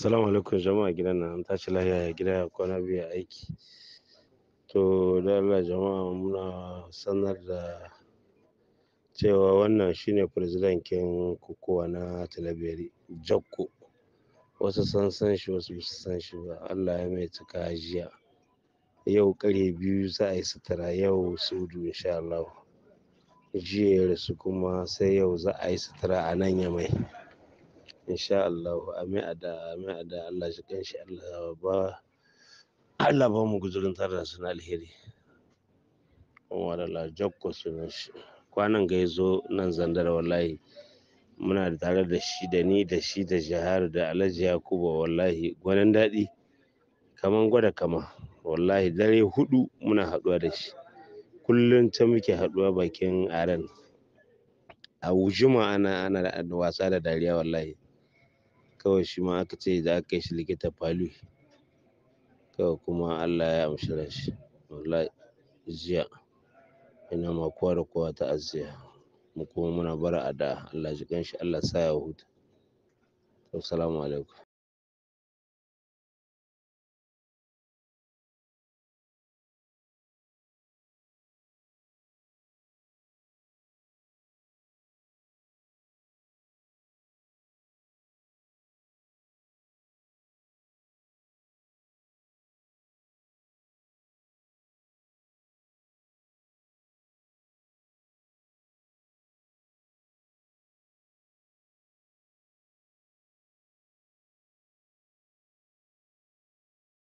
Assalamu alaikum jama'a gidan nan an tashi lahiya ya gida ya kwana biyu aiki. To da Allah jama'a muna sanar da cewa wannan shine firzidankin kokowa na Talabiri jakku Wasu san san shi wasu ba su san shi ba Allah ya mai cika jiya. Yau kare biyu za a yi sutura yau sudu insha Allah. Jiya ya rasu kuma sai yau za a yi sutura a nan ya mai. insha Allah amin ada amin ada Allah shi kanshi Allah ba Allah ba mu guzurin tarin sun alheri wala jakko sunan shi kwanan ga yazo nan zandar wallahi muna tare da shi da ni da shi da jihar da alhaji Yakubu. wallahi gwanin daɗi kaman gwada kama wallahi dare hudu muna haɗuwa da shi kullum ta muke haduwa bakin aran a wujuma ana ana wasa da dariya wallahi kawai shi ma aka ce za a kai shi likita palu kawai kuma allah ya amshi rashi wallahi jiya ina ma kowa da kowa ta'aziyya mu kuma muna bara a da allah ji kanshi allah sa ya huta assalamu alaikum